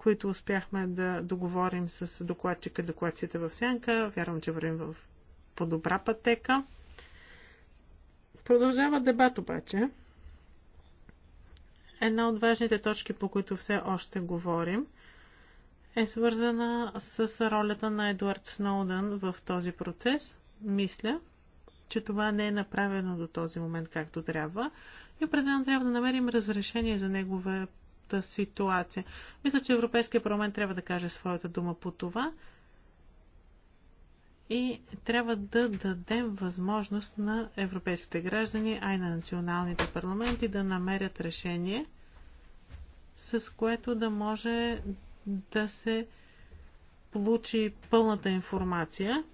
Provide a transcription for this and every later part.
които успяхме да договорим с докладчика докладцията в сянка. Вярвам, че вървим в по добра пътека. Продължава дебат обаче. Една от важните точки, по които все още говорим, е свързана с ролята на Едуард Сноуден в този процес. Мисля, че това не е направено до този момент както трябва и определено трябва да намерим разрешение за неговия настоящата ситуация. Мисля, че Европейския парламент трябва да каже своята дума по това и трябва да дадем възможност на европейските граждани, а и на националните парламенти да намерят решение, с което да може да се получи пълната информация.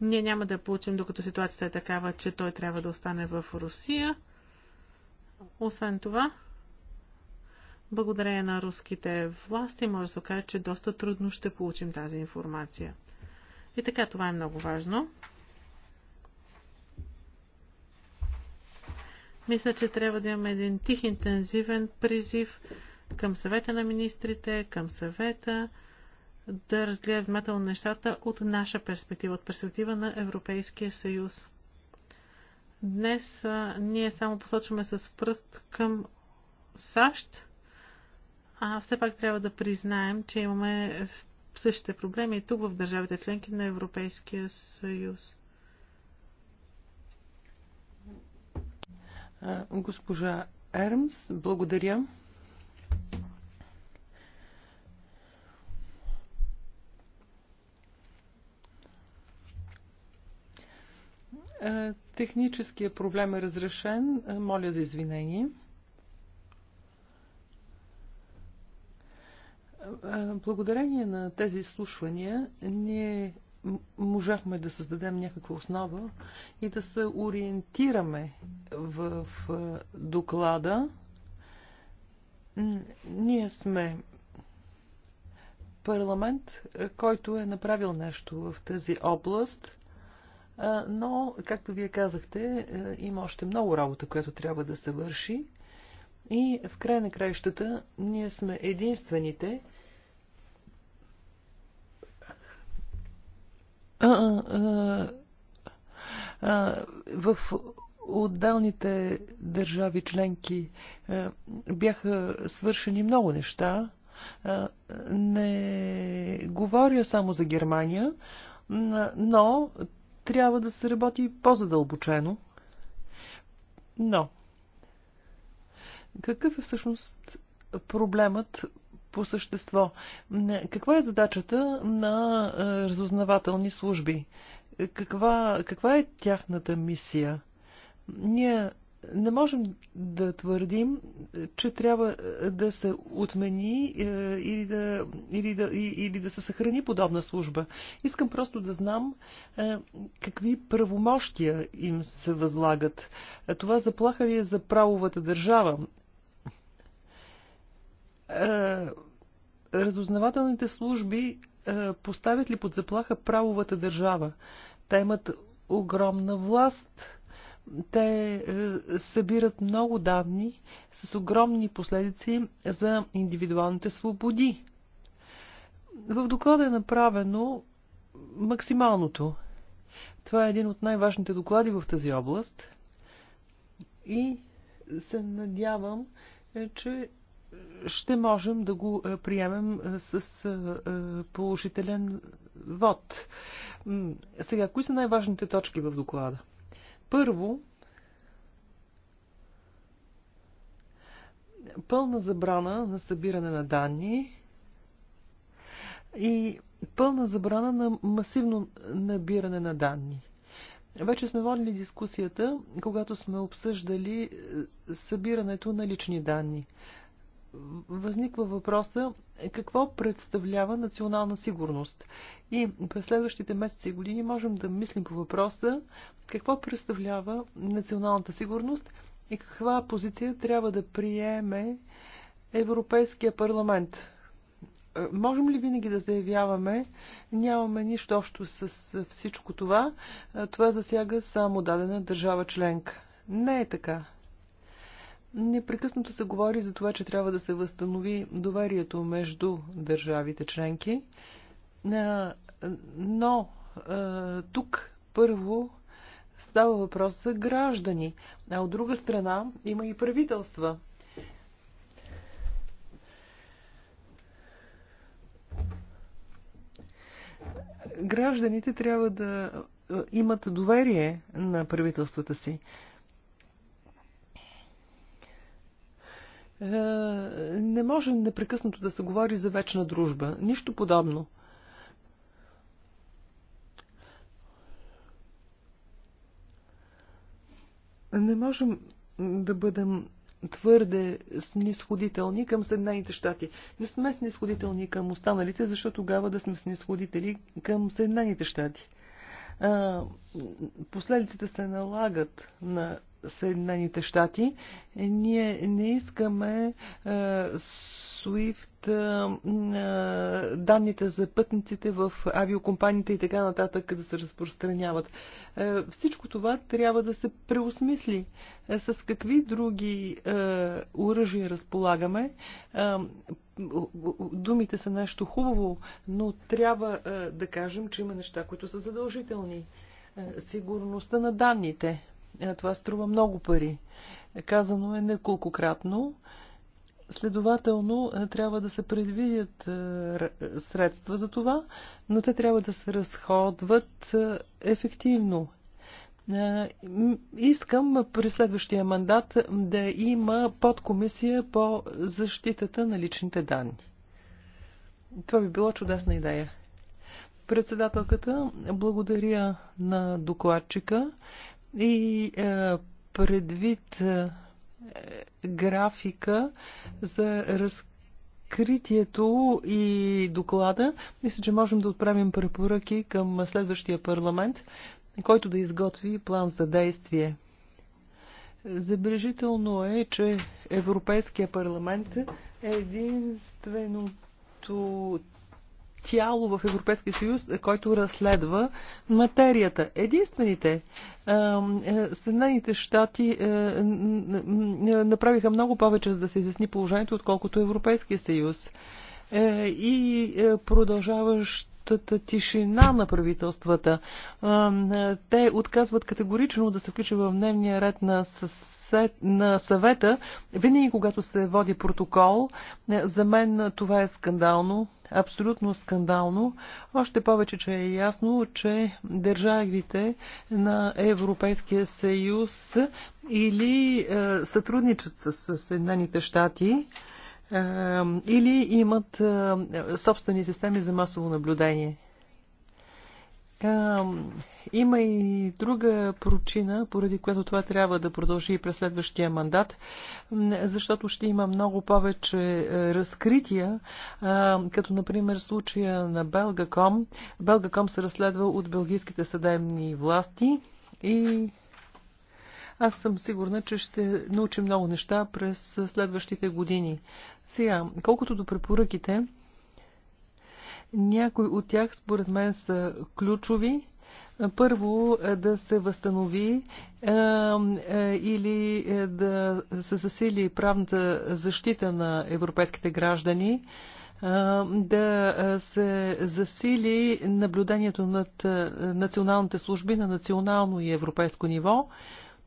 Ние няма да я получим, докато ситуацията е такава, че той трябва да остане в Русия – освен това, благодарение на руските власти, може да се окаже, че доста трудно ще получим тази информация. И така, това е много важно. Мисля, че трябва да имаме един тих, интензивен призив към съвета на министрите, към съвета, да разгледат внимателно нещата от наша перспектива, от перспектива на Европейския съюз. Днес а, ние само посочваме с пръст към САЩ, а все пак трябва да признаем, че имаме същите проблеми и тук в държавите членки на Европейския съюз. Госпожа Ермс, благодаря. Е, техническия проблем е разрешен. Е, моля за извинение. Е, благодарение на тези изслушвания ние можахме да създадем някаква основа и да се ориентираме в доклада. Ние сме парламент, който е направил нещо в тази област – но, както вие казахте, е, има още много работа, която трябва да се върши. И в край на краищата ние сме единствените, а, а, а, в отдалните държави членки е, бяха свършени много неща. Е, не говоря само за Германия, но трябва да се работи по-задълбочено. Но, какъв е всъщност проблемът по същество? Каква е задачата на е, разузнавателни служби? Каква, каква е тяхната мисия? Ние не можем да твърдим, че трябва да се отмени е, или да, или да, или да се съхрани подобна служба. Искам просто да знам е, какви правомощия им се възлагат. Е, това заплаха ли е за правовата държава? Разузнавателните служби поставят ли под заплаха правовата държава? Те имат огромна власт те е, събират много давни с огромни последици за индивидуалните свободи. В доклада е направено максималното. Това е един от най-важните доклади в тази област и се надявам, е, че ще можем да го е, приемем с положителен вод. Сега, кои са най-важните точки в доклада? Първо, пълна забрана на събиране на данни и пълна забрана на масивно набиране на данни. Вече сме водили дискусията, когато сме обсъждали е, събирането на лични данни възниква въпроса какво представлява национална сигурност. И през следващите месеци и години можем да мислим по въпроса какво представлява националната сигурност и каква позиция трябва да приеме Европейския парламент. Е, можем ли винаги да заявяваме, нямаме нищо общо с всичко това, е, това засяга само дадена държава членка? Не е така. Непрекъснато се говори за това, че трябва да се възстанови доверието между държавите членки, но тук първо става въпрос за граждани, а от друга страна има и правителства. Гражданите трябва да имат доверие на правителствата си. Е, не може непрекъснато да се говори за вечна дружба. Нищо подобно. Не можем да бъдем твърде снисходителни към Съединените щати. Не сме снисходителни към останалите, защото тогава да сме снисходители към Съединените щати. Е, последиците се налагат на Съединените щати. Ние не искаме е, SWIFT, е, е, данните за пътниците в авиокомпаниите и така нататък да се разпространяват. Всичко това трябва да се преосмисли. С какви други оръжия разполагаме? Думите са нещо хубаво, но трябва да кажем, че има неща, които са задължителни сигурността на данните. Това струва много пари. Казано е неколкократно. Следователно, трябва да се предвидят средства за това, но те трябва да се разходват ефективно. Искам при следващия мандат да има подкомисия по защитата на личните данни. Това би било чудесна идея. Председателката, благодаря на докладчика. И е, предвид е, графика за разкритието и доклада, мисля, че можем да отправим препоръки към следващия парламент, който да изготви план за действие. Забележително е, че Европейския парламент е единственото тяло в Европейския съюз, който разследва материята. Единствените е, Съединените щати е, направиха много повече, за да се изясни положението, отколкото Европейския съюз. Е, и продължаващ тишина на правителствата. Те отказват категорично да се включат в дневния ред на, съсед, на съвета, винаги когато се води протокол. За мен това е скандално абсолютно скандално, още повече, че е ясно, че държавите на Европейския съюз или е, сътрудничат с, с Съединените щати, е, или имат е, собствени системи за масово наблюдение така, има и друга причина, поради която това трябва да продължи и през следващия мандат, защото ще има много повече е, разкрития, като например случая на Белгаком. Белгаком се разследва от белгийските съдебни власти и аз съм сигурна, че ще научим много неща през следващите години. Сега, колкото до препоръките, някои от тях според мен са ключови първо е, да се възстанови е, е, или е, да се засили правната защита на европейските граждани, е, да е, се засили наблюдението над националните служби на национално и европейско ниво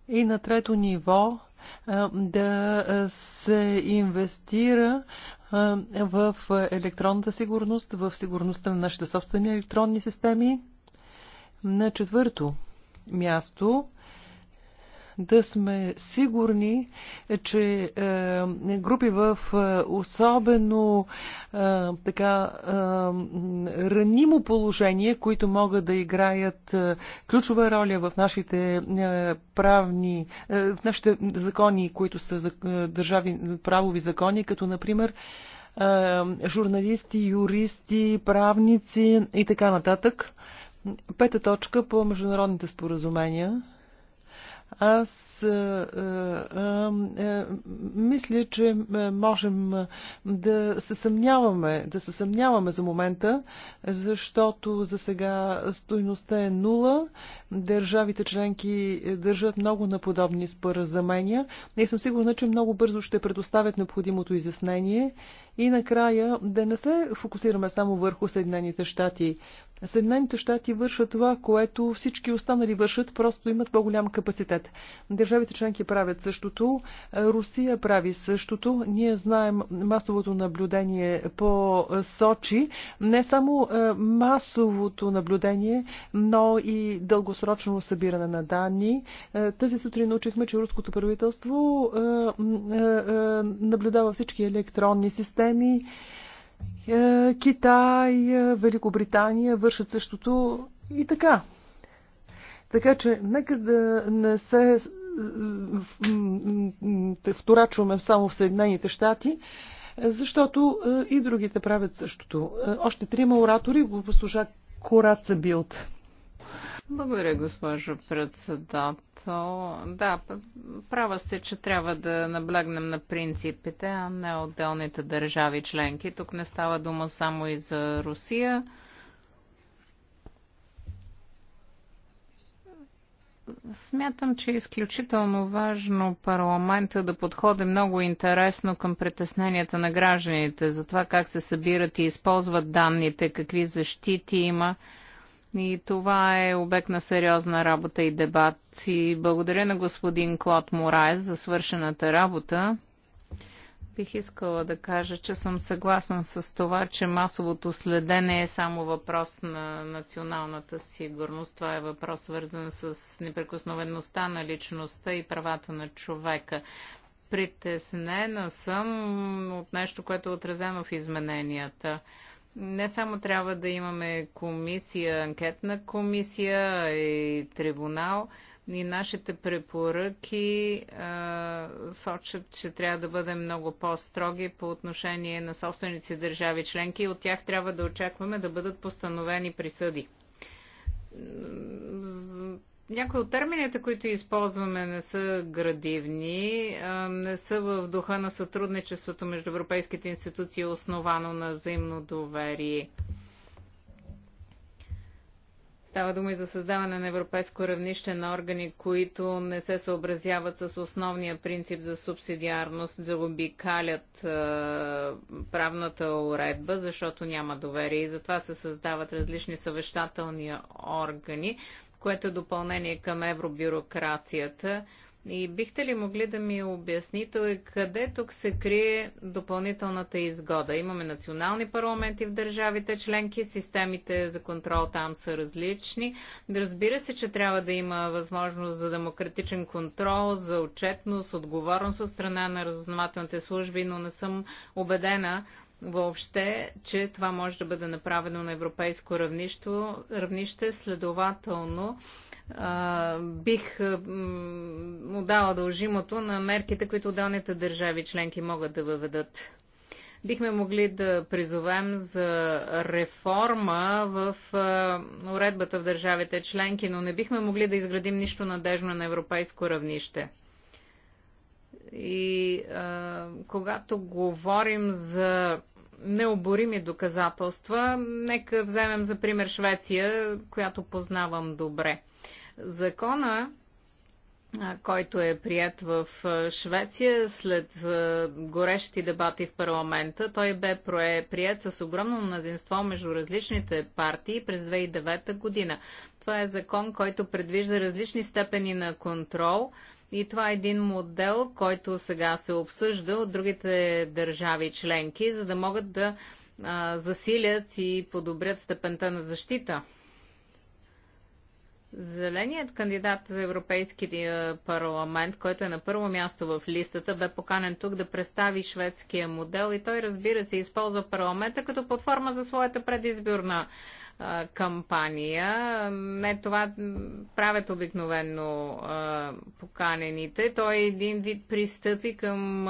и на трето ниво да се инвестира в електронната сигурност, в сигурността на нашите собствени електронни системи. На четвърто място да сме сигурни, че е, групи в е, особено е, така ранимо положение, които могат да играят ключова роля в нашите правни, в нашите закони, които са държави, правови закони, като например журналисти, юристи, правници и така нататък. Пета точка по международните споразумения. Аз а, а, а, мисля, че можем да се съмняваме, да се съмняваме за момента, защото за сега стойността е нула. Държавите членки държат много на подобни споразумения. И съм сигурна, че много бързо ще предоставят необходимото изяснение. И накрая да не се фокусираме само върху Съединените щати. Съединените щати вършат това, което всички останали вършат, просто имат по-голям капацитет. Държавите членки правят същото. Русия прави същото. Ние знаем масовото наблюдение по Сочи. Не само е, масовото наблюдение, но и дългосрочно събиране на данни. Е, тази сутрин научихме, че руското правителство е, наблюдава всички електронни системи. Китай, Великобритания вършат същото и така. Така че нека да не се е, е, е, вторачваме само в Съединените щати, защото и другите правят същото. Още трима оратори го послужа Кораца Билт. Благодаря, госпожо председател. Да, права сте, че трябва да наблегнем на принципите, а не отделните държави членки. Тук не става дума само и за Русия Смятам, че е изключително важно парламента да подходи много интересно към притесненията на гражданите за това как се събират и използват данните, какви защити има. И това е обект на сериозна работа и дебат. И благодаря на господин Клод Морайс за свършената работа. Бих искала да кажа, че съм съгласна с това, че масовото следене е само въпрос на националната сигурност. Това е въпрос свързан с неприкосновеността на личността и правата на човека. Притеснена съм от нещо, което е отразено в измененията не само трябва да имаме комисия, анкетна комисия и трибунал, и нашите препоръки а, сочат, че трябва да бъдем много по-строги по отношение на собственици държави членки и от тях трябва да очакваме да бъдат постановени присъди. Някои от термините, които използваме, не са градивни, не са в духа на сътрудничеството между европейските институции, основано на взаимно доверие. Става дума и за създаване на европейско равнище на органи, които не се съобразяват с основния принцип за субсидиарност, заобикалят е, правната уредба, защото няма доверие и затова се създават различни съвещателни органи, което е допълнение към евробюрокрацията. И бихте ли могли да ми обясните къде тук се крие допълнителната изгода? Имаме национални парламенти в държавите членки, системите за контрол там са различни. разбира се, че трябва да има възможност за демократичен контрол, за отчетност, отговорност от страна на разузнавателните служби, но не съм убедена въобще, че това може да бъде направено на европейско равнище, равнище следователно бих му дала дължимото на мерките, които отделните държави членки могат да въведат. Бихме могли да призовем за реформа в уредбата в държавите членки, но не бихме могли да изградим нищо надежно на европейско равнище. И а, когато говорим за необорими доказателства, нека вземем за пример Швеция, която познавам добре. Закона, който е прият в Швеция след горещи дебати в парламента. Той бе прият с огромно мнозинство между различните партии през 2009 година. Това е закон, който предвижда различни степени на контрол и това е един модел, който сега се обсъжда от другите държави членки, за да могат да засилят и подобрят степента на защита Зеленият кандидат за Европейския е, парламент, който е на първо място в листата, бе поканен тук да представи шведския модел и той, разбира се, използва парламента като платформа за своята предизборна кампания. Не това правят обикновенно поканените. Той е един вид пристъпи към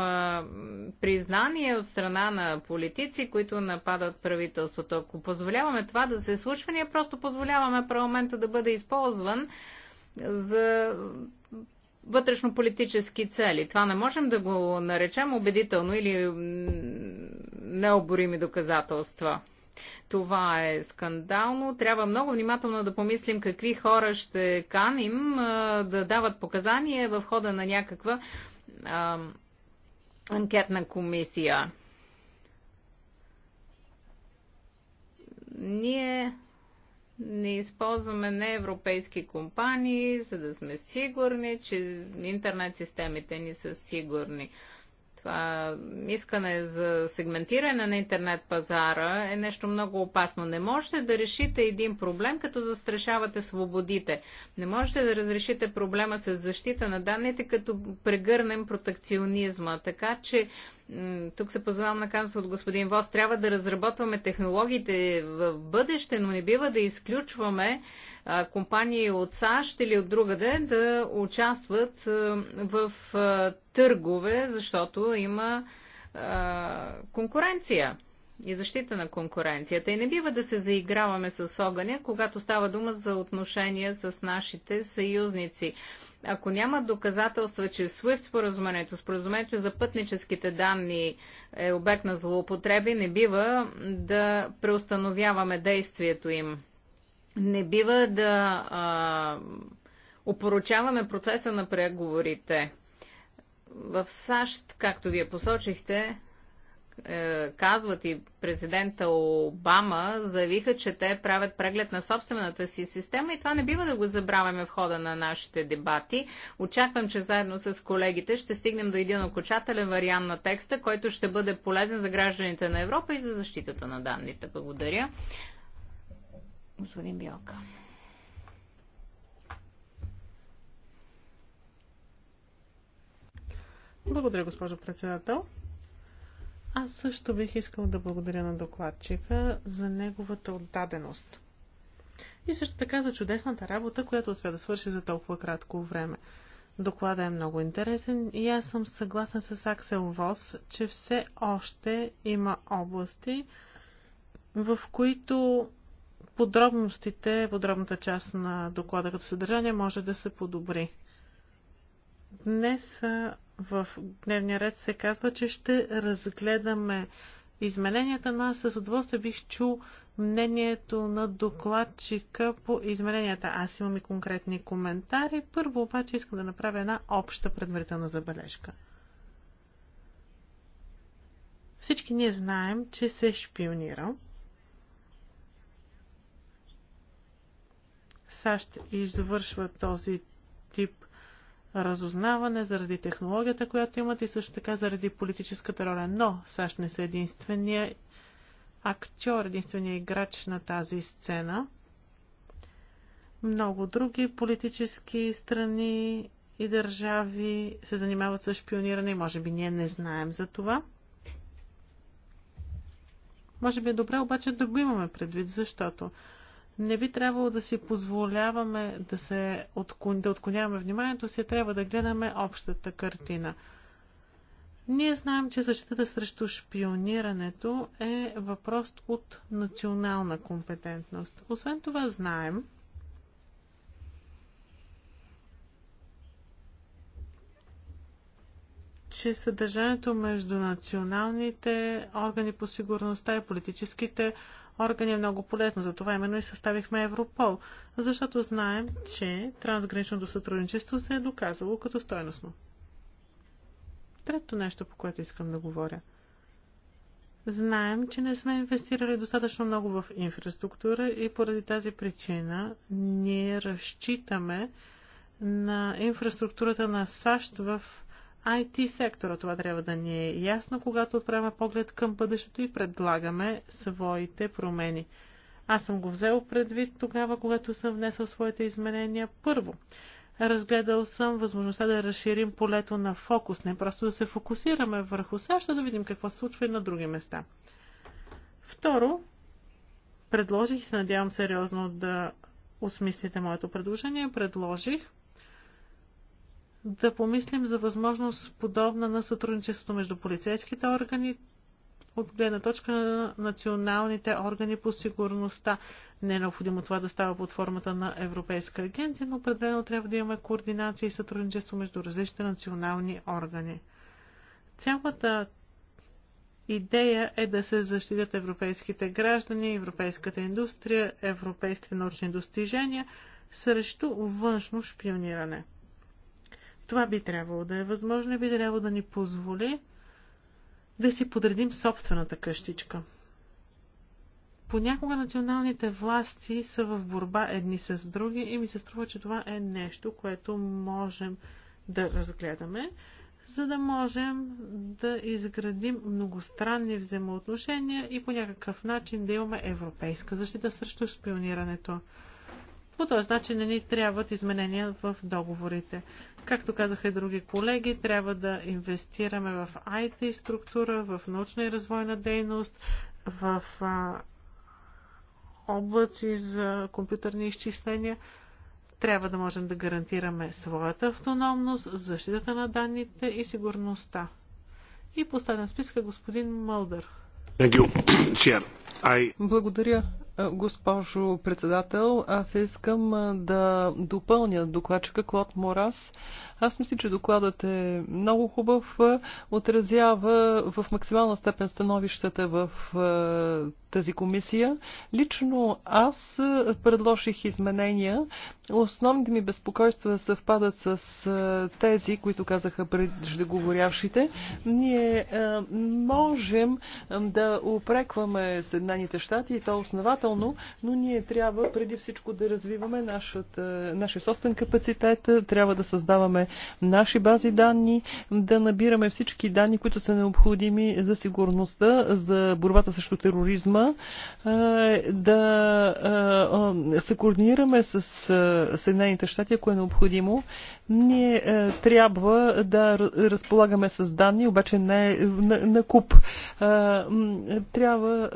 признание от страна на политици, които нападат правителството. Ако позволяваме това да се случва, ние просто позволяваме парламента да бъде използван за вътрешно-политически цели. Това не можем да го наречем убедително или необорими доказателства. Това е скандално. Трябва много внимателно да помислим какви хора ще каним да дават показания в хода на някаква а, анкетна комисия. Ние не използваме не европейски компании, за да сме сигурни, че интернет системите ни са сигурни искане за сегментиране на интернет пазара е нещо много опасно. Не можете да решите един проблем, като застрашавате свободите. Не можете да разрешите проблема с защита на данните, като прегърнем протекционизма. Така че тук се позвавам на казус от господин Вос, трябва да разработваме технологиите в бъдеще, но не бива да изключваме компании от САЩ или от другаде да участват в търгове, защото има конкуренция и защита на конкуренцията. И не бива да се заиграваме с огъня, когато става дума за отношения с нашите съюзници. Ако няма доказателства, че SWIFT споразумението, споразумението за пътническите данни е обект на злоупотреби, не бива да преустановяваме действието им не бива да а, опоручаваме процеса на преговорите. В САЩ, както вие посочихте, е, казват и президента Обама, заявиха, че те правят преглед на собствената си система и това не бива да го забравяме в хода на нашите дебати. Очаквам, че заедно с колегите ще стигнем до един окончателен вариант на текста, който ще бъде полезен за гражданите на Европа и за защитата на данните. Благодаря господин Бялка. Благодаря, госпожо председател. Аз също бих искал да благодаря на докладчика за неговата отдаденост. И също така за чудесната работа, която успя да свърши за толкова кратко време. Доклада е много интересен и аз съм съгласен с Аксел Вос, че все още има области, в които подробностите, подробната част на доклада като съдържание може да се подобри. Днес в дневния ред се казва, че ще разгледаме измененията, на с удоволствие бих чул мнението на докладчика по измененията. Аз имам и конкретни коментари. Първо обаче искам да направя една обща предварителна забележка. Всички ние знаем, че се шпионира. САЩ извършва този тип разузнаване заради технологията, която имат и също така заради политическата роля. Но САЩ не са единствения актьор, единствения играч на тази сцена. Много други политически страни и държави се занимават с шпиониране и може би ние не знаем за това. Може би е добре обаче да го имаме предвид, защото не би трябвало да си позволяваме да, се отклон, да отклоняваме вниманието си, трябва да гледаме общата картина. Ние знаем, че защитата срещу шпионирането е въпрос от национална компетентност. Освен това знаем, че съдържанието между националните органи по сигурността и политическите Органи е много полезно. за това именно и съставихме Европол, защото знаем, че трансграничното сътрудничество се е доказало като стойностно. Трето нещо, по което искам да говоря. Знаем, че не сме инвестирали достатъчно много в инфраструктура и поради тази причина ние разчитаме на инфраструктурата на САЩ в IT сектора. Това трябва да ни е ясно, когато отправяме поглед към бъдещето и предлагаме своите промени. Аз съм го взел предвид тогава, когато съм внесъл своите изменения първо. Разгледал съм възможността да разширим полето на фокус, не просто да се фокусираме върху САЩ, а да видим какво се случва и на други места. Второ, предложих и се надявам сериозно да осмислите моето предложение, предложих да помислим за възможност подобна на сътрудничеството между полицейските органи от гледна точка на националните органи по сигурността. Не е необходимо това да става под формата на Европейска агенция, но определено трябва да имаме координация и сътрудничество между различните национални органи. Цялата идея е да се защитят европейските граждани, европейската индустрия, европейските научни достижения срещу външно шпиониране. Това би трябвало да е възможно и би трябвало да ни позволи да си подредим собствената къщичка. Понякога националните власти са в борба едни с други и ми се струва, че това е нещо, което можем да разгледаме, за да можем да изградим многостранни взаимоотношения и по някакъв начин да имаме европейска защита срещу шпионирането. По този начин не ни трябват изменения в договорите. Както казаха и други колеги, трябва да инвестираме в IT структура, в научна и развойна дейност, в а, облаци за компютърни изчисления. Трябва да можем да гарантираме своята автономност, защитата на данните и сигурността. И последен списък е господин Мълдър. Благодаря. Госпожо председател, аз искам да допълня докладчика Клод Морас. Аз мисля, че докладът е много хубав, отразява в максимална степен становищата в тази комисия. Лично аз предложих изменения. Основните ми безпокойства съвпадат с тези, които казаха преждеговорящите. Ние можем да упрекваме Съединените щати и то основателно положително, но ние трябва преди всичко да развиваме нашата, нашия собствен капацитет, трябва да създаваме наши бази данни, да набираме всички данни, които са необходими за сигурността, за борбата срещу тероризма, да се координираме с Съединените щати, ако е необходимо. Ние трябва да разполагаме с данни, обаче не на, на куп. Трябва,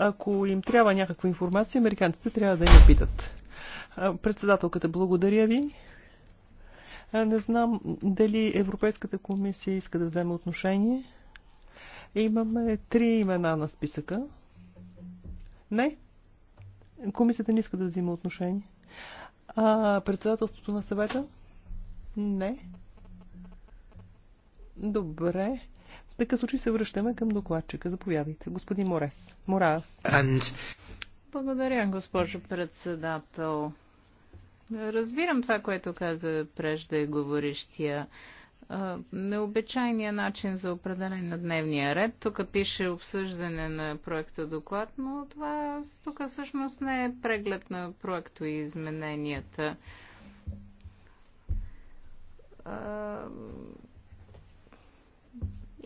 ако им трябва някакъв някаква информация, американците трябва да я питат. Председателката, благодаря ви. Не знам дали Европейската комисия иска да вземе отношение. Имаме три имена на списъка. Не. Комисията не иска да взима отношение. А председателството на съвета? Не. Добре. Така случай се връщаме към докладчика. Заповядайте, господин Морес. Морас. And... Благодаря, госпожо председател. Разбирам това, което каза прежде говорищия. Необичайният начин за определен на дневния ред. Тук пише обсъждане на проекта доклад, но това тук всъщност не е преглед на проекто и измененията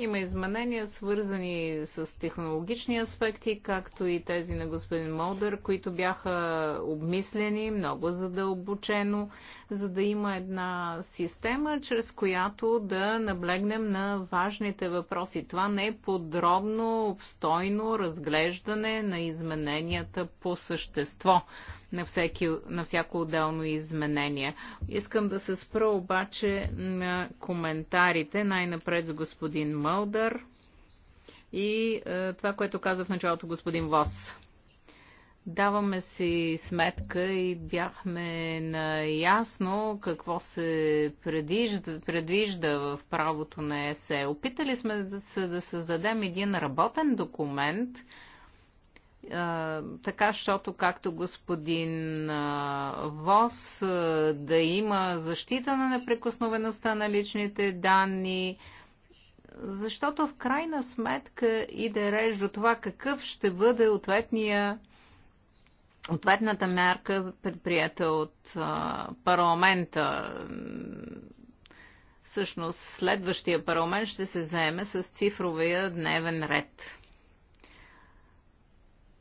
има изменения, свързани с технологични аспекти, както и тези на господин Молдър, които бяха обмислени много задълбочено за да има една система, чрез която да наблегнем на важните въпроси. Това не е подробно, обстойно разглеждане на измененията по същество на, всеки, на всяко отделно изменение. Искам да се спра обаче на коментарите, най-напред с господин Мълдър и е, това, което каза в началото господин Вос. Даваме си сметка и бяхме наясно какво се предвижда, предвижда в правото на ЕСЕ. Опитали сме да, да създадем един работен документ, така, защото, както господин Вос, да има защита на неприкосновеността на личните данни, защото в крайна сметка и да реж до това какъв ще бъде ответния ответната мярка, предприята от а, парламента, всъщност следващия парламент ще се заеме с цифровия дневен ред.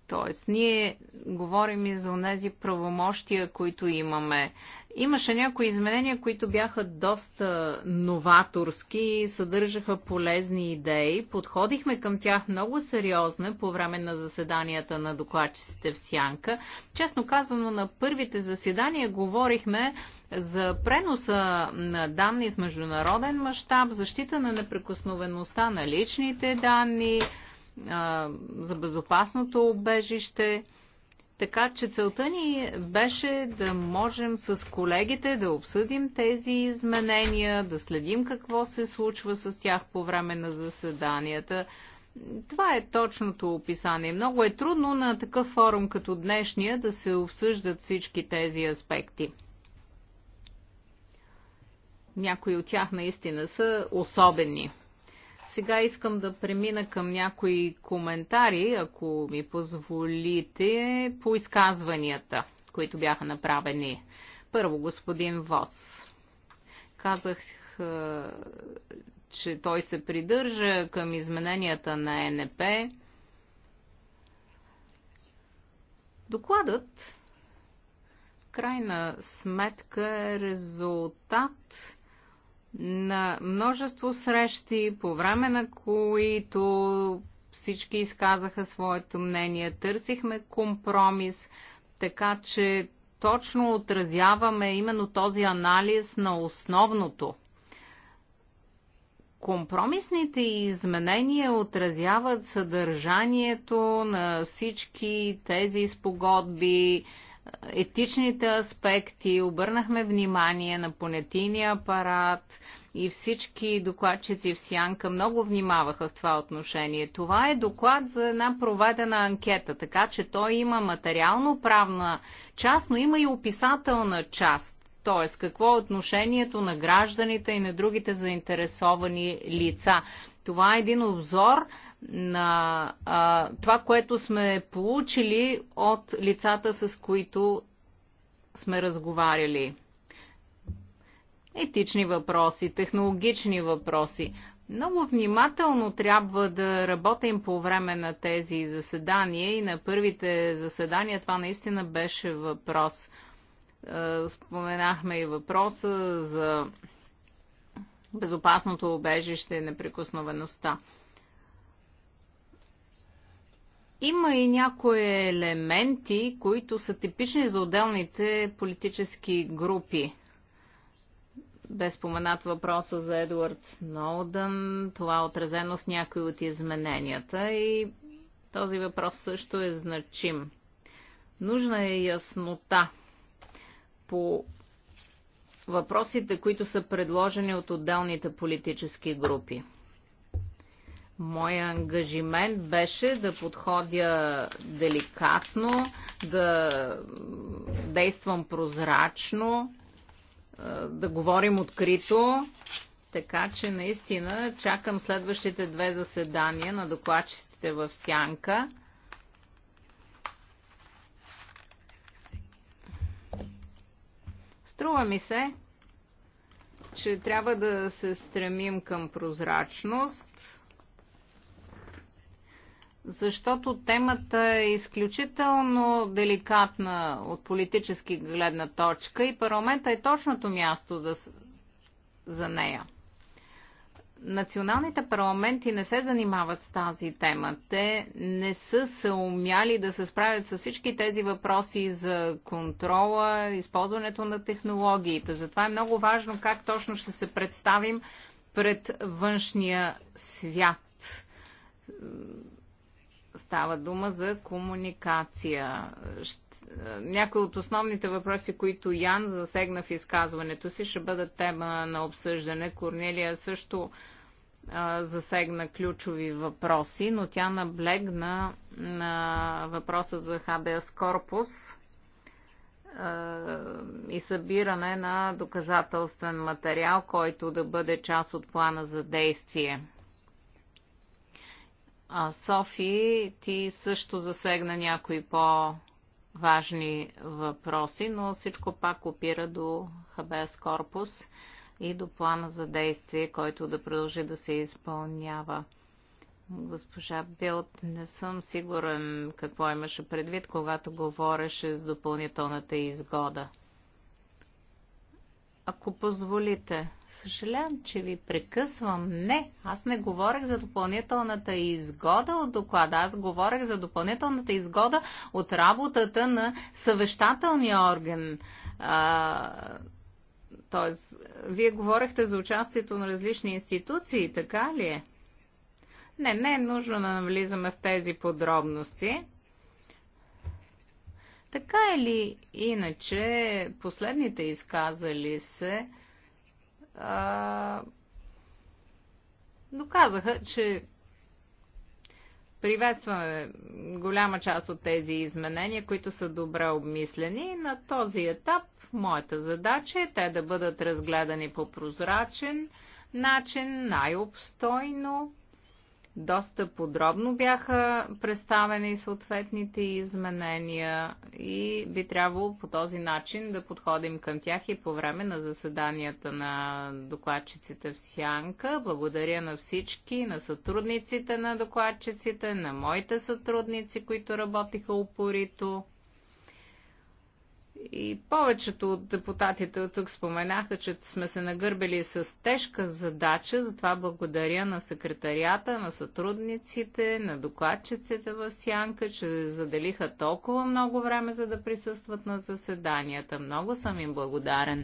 Тоест, ние говорим и за тези правомощия, които имаме Имаше някои изменения, които бяха доста новаторски, съдържаха полезни идеи. Подходихме към тях много сериозно по време на заседанията на докладчиците в Сянка. Честно казано, на първите заседания говорихме за преноса на данни в международен мащаб, защита на неприкосновеността на личните данни, за безопасното обежище. Така че целта ни беше да можем с колегите да обсъдим тези изменения, да следим какво се случва с тях по време на заседанията. Това е точното описание. Много е трудно на такъв форум като днешния да се обсъждат всички тези аспекти. Някои от тях наистина са особени. Сега искам да премина към някои коментари, ако ми позволите, по изказванията, които бяха направени. Първо, господин Вос. Казах, е, че той се придържа към измененията на НП. Докладът в крайна сметка е резултат на множество срещи, по време на които всички изказаха своето мнение, търсихме компромис, така че точно отразяваме именно този анализ на основното. Компромисните изменения отразяват съдържанието на всички тези спогодби, етичните аспекти, обърнахме внимание на понятийния апарат и всички докладчици в Сянка много внимаваха в това отношение. Това е доклад за една проведена анкета, така че той има материално-правна част, но има и описателна част. Т.е. какво е отношението на гражданите и на другите заинтересовани лица. Това е един обзор на а, това, което сме получили от лицата, с които сме разговаряли. Етични въпроси, технологични въпроси. Много внимателно трябва да работим по време на тези заседания и на първите заседания това наистина беше въпрос. Е, споменахме и въпроса за безопасното обежище и неприкосновеността. Има и някои елементи, които са типични за отделните политически групи. Без споменат въпроса за Едуард Сноудън, това е отразено в някои от измененията и този въпрос също е значим. Нужна е яснота по въпросите, които са предложени от отделните политически групи. Моя ангажимент беше да подходя деликатно, да действам прозрачно, да говорим открито. Така че наистина чакам следващите две заседания на докладчиците в Сянка. Струва ми се, че трябва да се стремим към прозрачност защото темата е изключително деликатна от политически гледна точка и парламента е точното място да, за нея. Националните парламенти не се занимават с тази тема. Те не са се умяли да се справят с всички тези въпроси за контрола, използването на технологиите. Затова е много важно как точно ще се представим пред външния свят става дума за комуникация. Някои от основните въпроси, които Ян засегна в изказването си, ще бъдат тема на обсъждане. Корнелия също засегна ключови въпроси, но тя наблегна на въпроса за ХБС корпус и събиране на доказателствен материал, който да бъде част от плана за действие. А, Софи, ти също засегна някои по-важни въпроси, но всичко пак опира до ХБС Корпус и до плана за действие, който да продължи да се изпълнява. Госпожа Билт, не съм сигурен какво имаше предвид, когато говореше с допълнителната изгода. Ако позволите, съжалявам, че ви прекъсвам. Не, аз не говорех за допълнителната изгода от доклада. Аз говорех за допълнителната изгода от работата на съвещателния орган. А, тоест, вие говорехте за участието на различни институции, така ли е? Не, не е нужно да навлизаме в тези подробности. Така или иначе, последните изказали се а, доказаха, че приветстваме голяма част от тези изменения, които са добре обмислени. На този етап моята задача е те да бъдат разгледани по прозрачен начин, най-обстойно доста подробно бяха представени съответните изменения и би трябвало по този начин да подходим към тях и по време на заседанията на докладчиците в Сянка. Благодаря на всички, на сътрудниците на докладчиците, на моите сътрудници, които работиха упорито. И повечето от депутатите от тук споменаха, че сме се нагърбили с тежка задача, затова благодаря на секретарията, на сътрудниците, на докладчиците в Сянка, че заделиха толкова много време, за да присъстват на заседанията. Много съм им благодарен.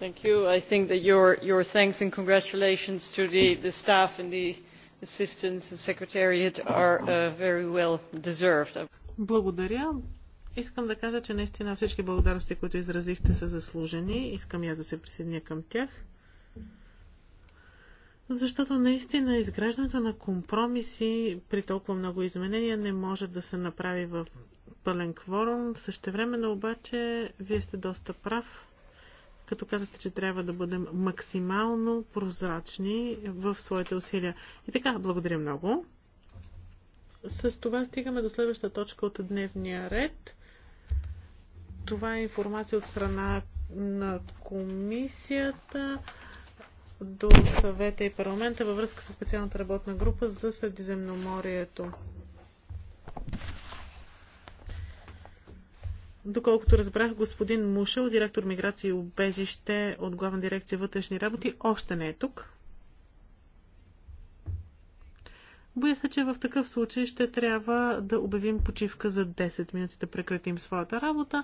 Благодаря. Искам да кажа, че наистина всички благодарности, които изразихте, са заслужени. Искам я да се присъединя към тях. Защото наистина изграждането на компромиси при толкова много изменения не може да се направи в пълен кворум. Същевременно обаче вие сте доста прав, като казахте, че трябва да бъдем максимално прозрачни в своите усилия. И така, благодаря много. С това стигаме до следващата точка от дневния ред. Това е информация от страна на комисията до съвета и парламента във връзка с специалната работна група за Средиземноморието. Доколкото разбрах, господин Мушел, директор миграция и убежище от Главна дирекция вътрешни работи, още не е тук. Боя се, че в такъв случай ще трябва да обявим почивка за 10 минути да прекратим своята работа,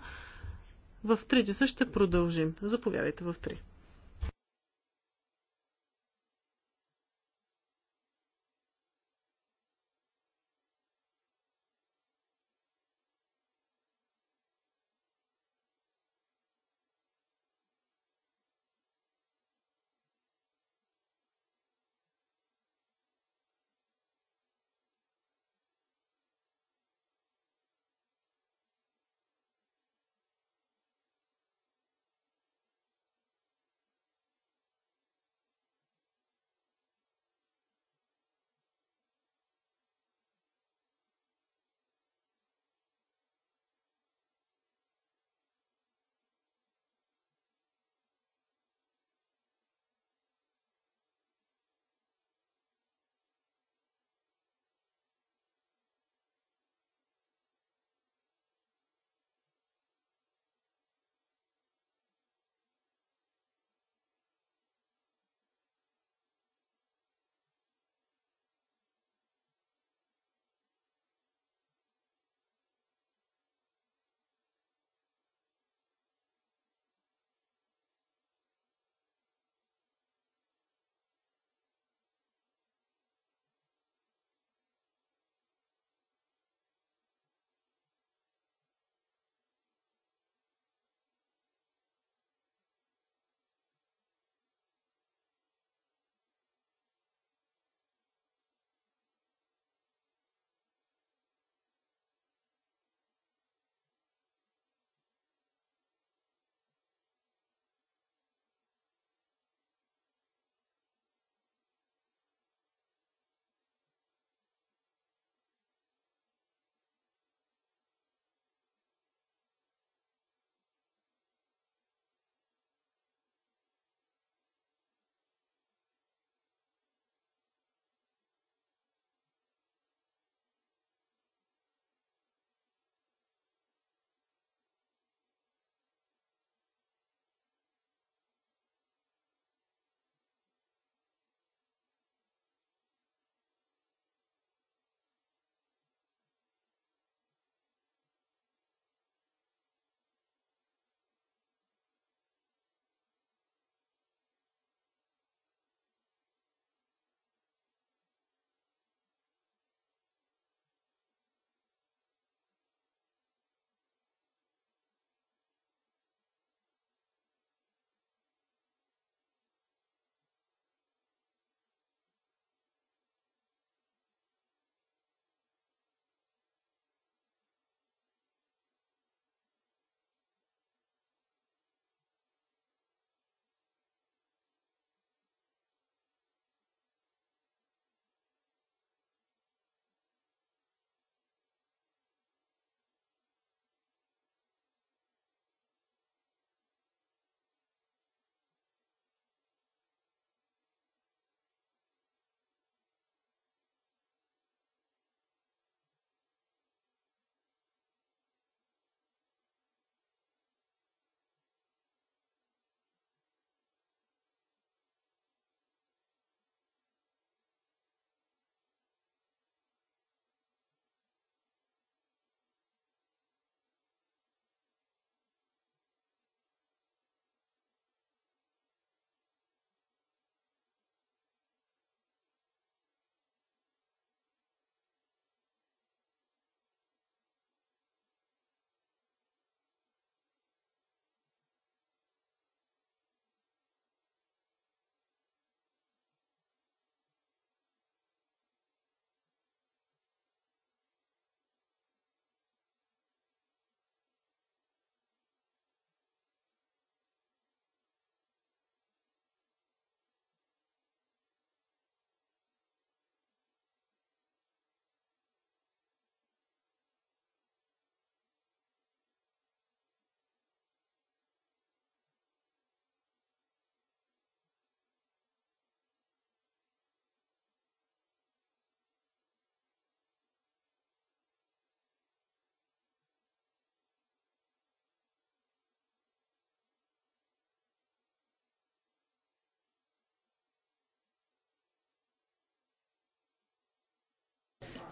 в 3 часа ще продължим. Заповядайте в 3.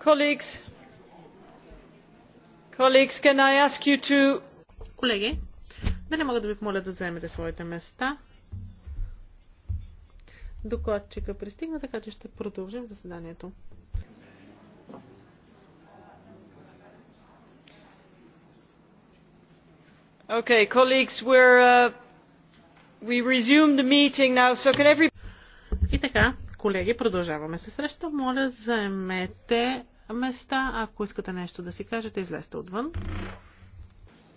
колеги да не мога да ви помоля да вземете своите места? Докладчика пристигна, така че ще продължим заседанието. Okay, colleagues, we're, uh, we resume the meeting now, so can every... И така, Колеги, продължаваме се среща. Моля, заемете места. Ако искате нещо да си кажете, излезте отвън.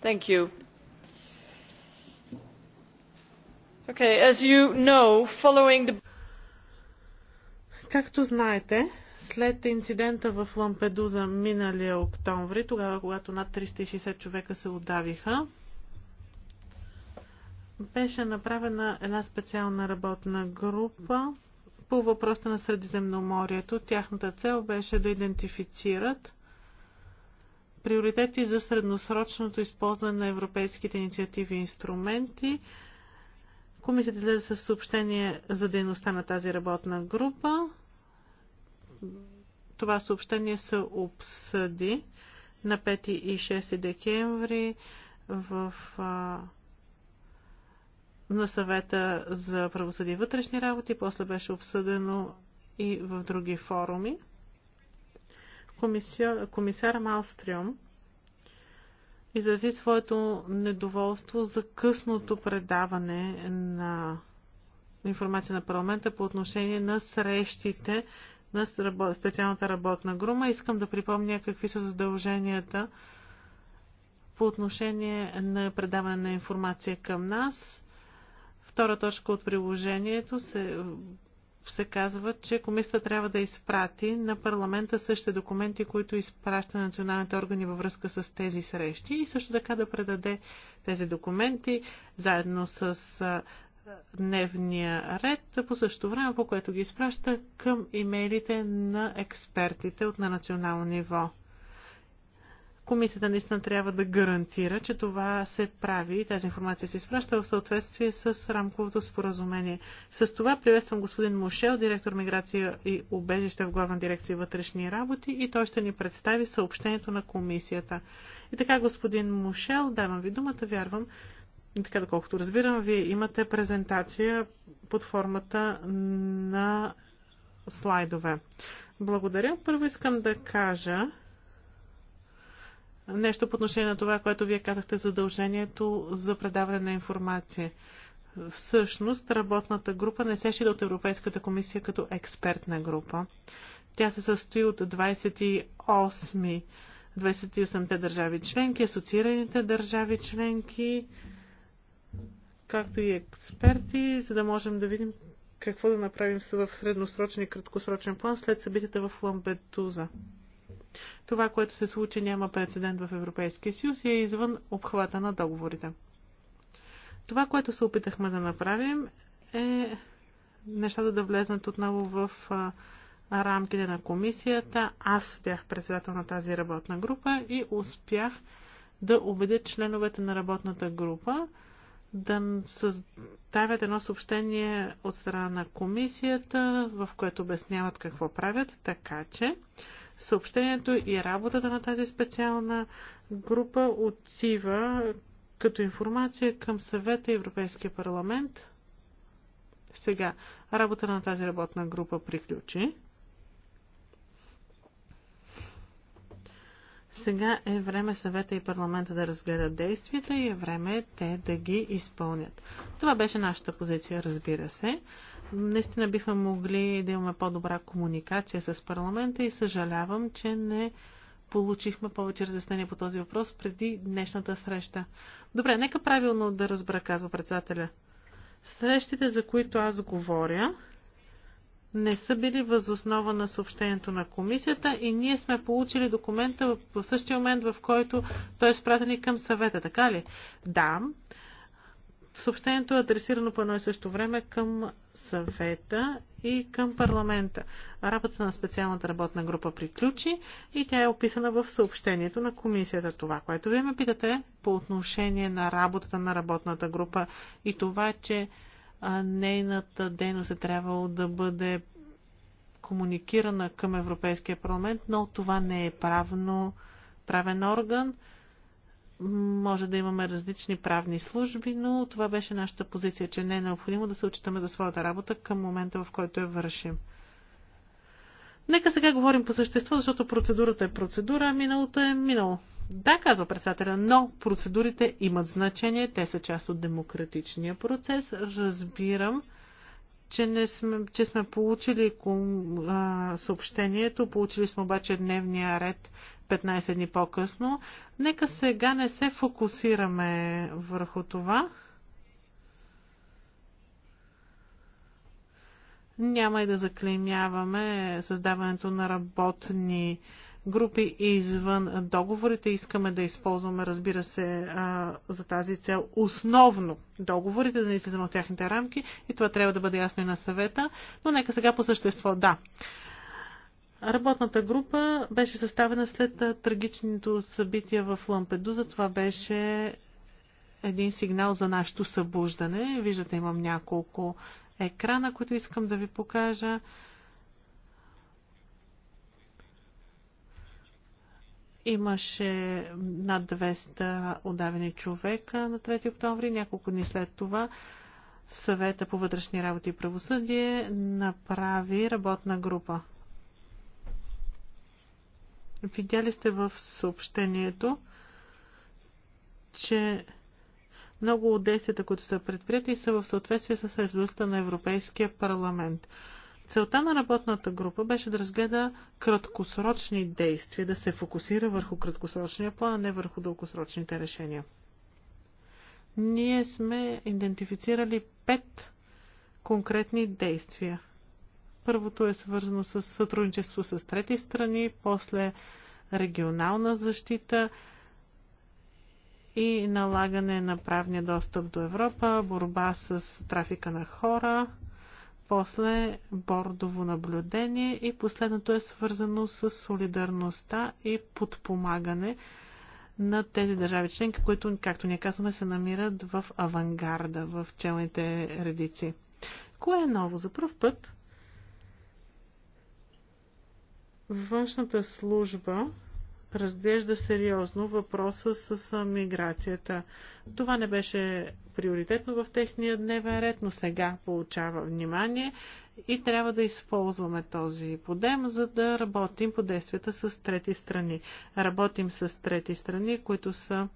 Thank you. Okay, as you know, following the... Както знаете, след инцидента в Лампедуза миналия октомври, тогава когато над 360 човека се отдавиха, беше направена една специална работна група по въпроса на Средиземноморието. Тяхната цел беше да идентифицират приоритети за средносрочното използване на европейските инициативи и инструменти. Комисията излезе със съобщение за дейността на тази работна група. Това съобщение се обсъди на 5 и 6 декември в на съвета за правосъдие и вътрешни работи, после беше обсъдено и в други форуми. Комисия, комисар Малстрюм изрази своето недоволство за късното предаване на информация на парламента по отношение на срещите на специалната работна група. Искам да припомня какви са задълженията по отношение на предаване на информация към нас втора точка от приложението се, се казва, че комисията трябва да изпрати на парламента същите документи, които изпраща националните органи във връзка с тези срещи и също така да предаде тези документи заедно с дневния ред, по същото време, по което ги изпраща към имейлите на експертите от на национално ниво. Комисията наистина трябва да гарантира, че това се прави и тази информация се изпраща в съответствие с рамковото споразумение. С това приветствам господин Мушел, директор миграция и убежище в главна дирекция вътрешни работи и той ще ни представи съобщението на комисията. И така, господин Мушел, давам ви думата, вярвам, така доколкото разбирам, вие имате презентация под формата на слайдове. Благодаря. Първо искам да кажа, нещо по отношение на това, което вие казахте, задължението за предаване на информация. Всъщност, работната група не се счита от Европейската комисия като експертна група. Тя се състои от 28 28-те държави членки, асоциираните държави членки, както и експерти, за да можем да видим какво да направим в средносрочен и краткосрочен план след събитията в Ламбетуза. Това, което се случи, няма прецедент в Европейския съюз и е извън обхвата на договорите. Това, което се опитахме да направим е нещата да влезнат отново в рамките на комисията. Аз бях председател на тази работна група и успях да убедя членовете на работната група да съставят едно съобщение от страна на комисията, в което обясняват какво правят, така че съобщението и работата на тази специална група отива като информация към съвета и Европейския парламент. Сега, работа на тази работна група приключи. Сега е време съвета и парламента да разгледат действията и е време те да ги изпълнят. Това беше нашата позиция, разбира се наистина бихме могли да имаме по-добра комуникация с парламента и съжалявам, че не получихме повече разяснение по този въпрос преди днешната среща. Добре, нека правилно да разбра, казва председателя. Срещите, за които аз говоря, не са били възоснова на съобщението на комисията и ние сме получили документа в същия момент, в който той е спратен към съвета, така ли? Да, Съобщението е адресирано по едно и също време към съвета и към парламента. Работата на специалната работна група приключи и тя е описана в съобщението на комисията. Това, което вие ме питате е по отношение на работата на работната група и това, че нейната дейност е трябвало да бъде комуникирана към Европейския парламент, но това не е правно, правен орган може да имаме различни правни служби, но това беше нашата позиция, че не е необходимо да се отчитаме за своята работа към момента, в който я вършим. Нека сега говорим по същество, защото процедурата е процедура, а миналото е минало. Да, казва председателя, но процедурите имат значение, те са част от демократичния процес. Разбирам, че, не сме, че сме получили съобщението, получили сме обаче дневния ред 15 дни по-късно. Нека сега не се фокусираме върху това. Няма и да заклеймяваме създаването на работни групи извън договорите. Искаме да използваме, разбира се, за тази цел основно договорите, да не излизаме от тяхните рамки и това трябва да бъде ясно и на съвета. Но нека сега по същество. Да, Работната група беше съставена след трагичното събитие в Лампедуза. Това беше един сигнал за нашето събуждане. Виждате, имам няколко екрана, които искам да ви покажа. Имаше над 200 удавени човека на 3 октомври. Няколко дни след това съвета по вътрешни работи и правосъдие направи работна група. Видяли сте в съобщението, че много от действията, които са предприяти, са в съответствие с резолюцията на Европейския парламент. Целта на работната група беше да разгледа краткосрочни действия, да се фокусира върху краткосрочния план, а не върху дългосрочните решения. Ние сме идентифицирали пет конкретни действия – Първото е свързано с сътрудничество с трети страни, после регионална защита и налагане на правния достъп до Европа, борба с трафика на хора, после бордово наблюдение и последното е свързано с солидарността и подпомагане на тези държави членки, които, както ние казваме, се намират в авангарда, в челните редици. Кое е ново? За първ път Външната служба разглежда сериозно въпроса с миграцията. Това не беше приоритетно в техния дневен ред, но сега получава внимание и трябва да използваме този подем, за да работим по действията с трети страни. Работим с трети страни, които са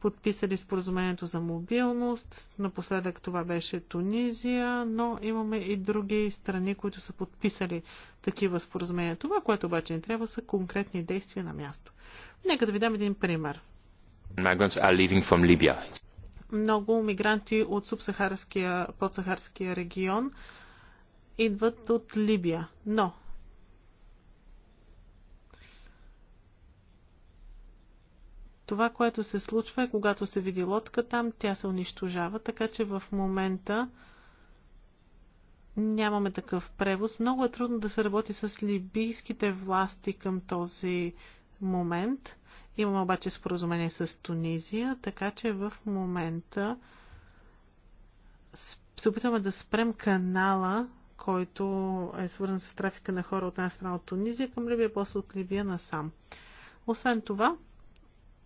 подписали споразумението за мобилност. Напоследък това беше Тунизия, но имаме и други страни, които са подписали такива споразумения. Това, което обаче ни трябва, са конкретни действия на място. Нека да ви дам един пример. Много мигранти от субсахарския, подсахарския регион идват от Либия. Но Това, което се случва е, когато се види лодка там, тя се унищожава, така че в момента нямаме такъв превоз. Много е трудно да се работи с либийските власти към този момент. Имаме обаче споразумение с Тунизия, така че в момента се опитваме да спрем канала, който е свързан с трафика на хора от една страна от Тунизия към Либия, после от Либия насам. Освен това,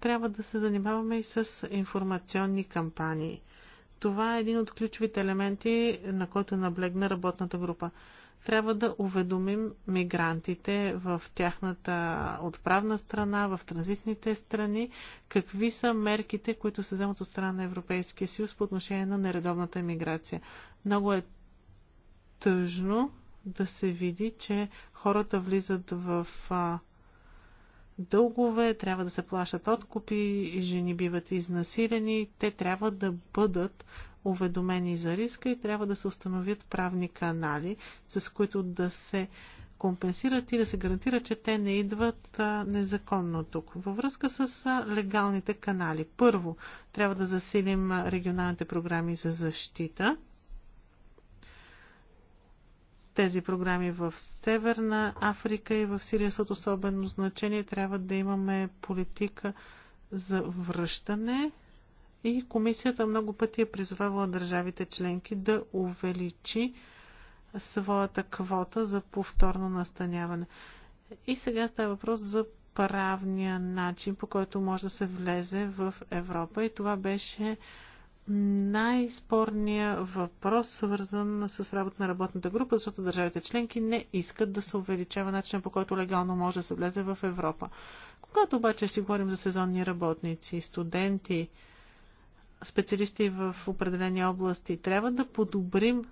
трябва да се занимаваме и с информационни кампании. Това е един от ключовите елементи, на който наблегна работната група. Трябва да уведомим мигрантите в тяхната отправна страна, в транзитните страни, какви са мерките, които се вземат от страна на Европейския съюз по отношение на нередовната миграция. Много е тъжно да се види, че хората влизат в дългове, трябва да се плащат откупи, жени биват изнасилени, те трябва да бъдат уведомени за риска и трябва да се установят правни канали, с които да се компенсират и да се гарантира, че те не идват незаконно тук. Във връзка с легалните канали. Първо, трябва да засилим регионалните програми за защита. Тези програми в Северна Африка и в Сирия са от особено значение. Трябва да имаме политика за връщане и комисията много пъти е призвавала държавите членки да увеличи своята квота за повторно настаняване. И сега става въпрос за правния начин, по който може да се влезе в Европа. И това беше най-спорният въпрос, свързан с работа на работната група, защото държавите членки не искат да се увеличава начинът по който легално може да се влезе в Европа. Когато обаче си говорим за сезонни работници, студенти, специалисти в определени области. Трябва да подобрим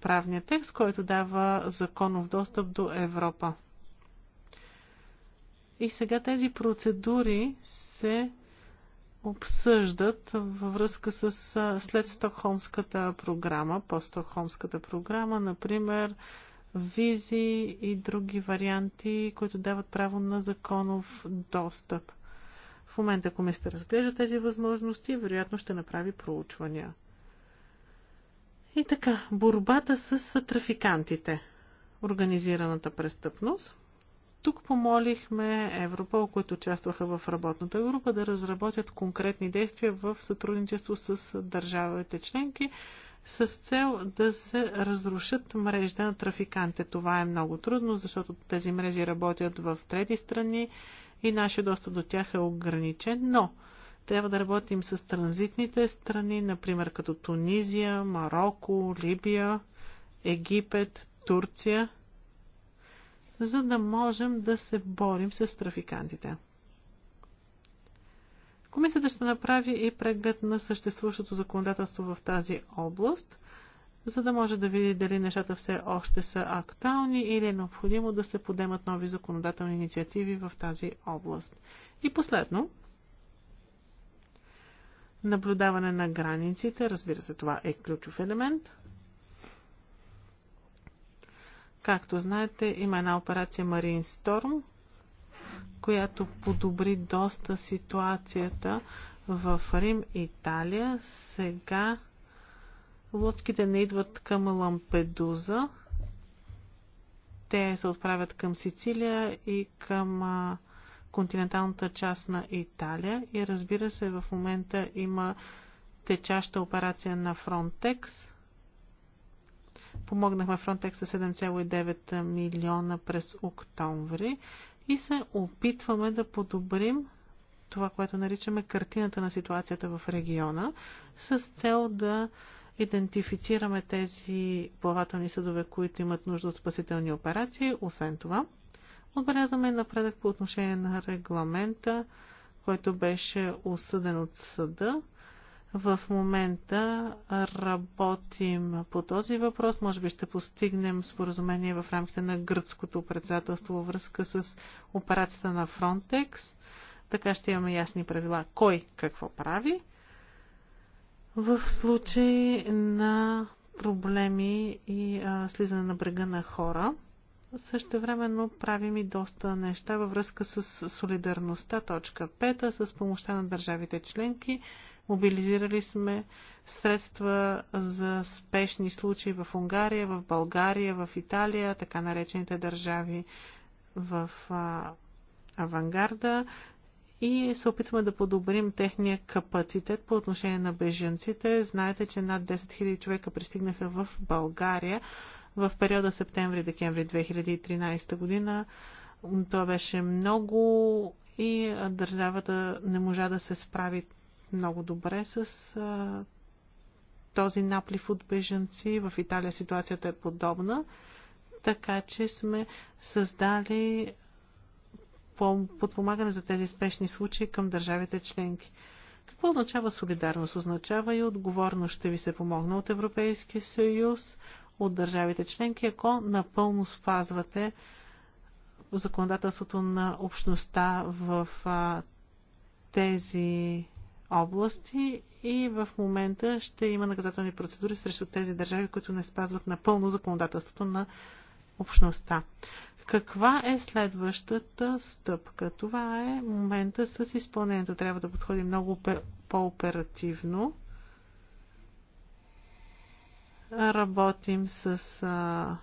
правния текст, който дава законов достъп до Европа. И сега тези процедури се обсъждат във връзка с след Стокхолмската програма, по Стокхолмската програма, например, визи и други варианти, които дават право на законов достъп. В момента комисията разглежда тези възможности вероятно ще направи проучвания. И така, борбата с трафикантите, организираната престъпност. Тук помолихме Европол, които участваха в работната група, да разработят конкретни действия в сътрудничество с държавите членки, с цел да се разрушат мрежите на трафиканте. Това е много трудно, защото тези мрежи работят в трети страни и нашия достъп до тях е ограничен, но трябва да работим с транзитните страни, например като Тунизия, Марокко, Либия, Египет, Турция, за да можем да се борим с трафикантите. Комисията ще направи и преглед на съществуващото законодателство в тази област – за да може да види дали нещата все още са актуални или е необходимо да се подемат нови законодателни инициативи в тази област. И последно, наблюдаване на границите, разбира се, това е ключов елемент. Както знаете, има една операция Marine Storm, която подобри доста ситуацията в Рим, Италия. Сега Лодките не идват към Лампедуза. Те се отправят към Сицилия и към континенталната част на Италия. И разбира се, в момента има течаща операция на Фронтекс. Помогнахме Фронтекс с 7,9 милиона през октомври и се опитваме да подобрим това, което наричаме картината на ситуацията в региона, с цел да идентифицираме тези плавателни съдове, които имат нужда от спасителни операции. Освен това, отбелязваме напредък по отношение на регламента, който беше осъден от съда. В момента работим по този въпрос. Може би ще постигнем споразумение в рамките на гръцкото председателство във връзка с операцията на Frontex. Така ще имаме ясни правила кой какво прави в случай на проблеми и а, слизане на брега на хора. Също времено правим и доста неща във връзка с солидарността, точка 5, с помощта на държавите членки. Мобилизирали сме средства за спешни случаи в Унгария, в България, в Италия, така наречените държави в а, авангарда и се опитваме да подобрим техния капацитет по отношение на беженците. Знаете, че над 10 000 човека пристигнаха в България в периода септември-декември 2013 година. Това беше много и държавата не можа да се справи много добре с а, този наплив от беженци. В Италия ситуацията е подобна. Така че сме създали подпомагане за тези спешни случаи към държавите членки. Какво означава солидарност? Означава и отговорност ще ви се помогна от Европейския съюз, от държавите членки, ако напълно спазвате законодателството на общността в а, тези области и в момента ще има наказателни процедури срещу тези държави, които не спазват напълно законодателството на общността. Каква е следващата стъпка? Това е момента с изпълнението. Трябва да подходим много по-оперативно. Работим с а,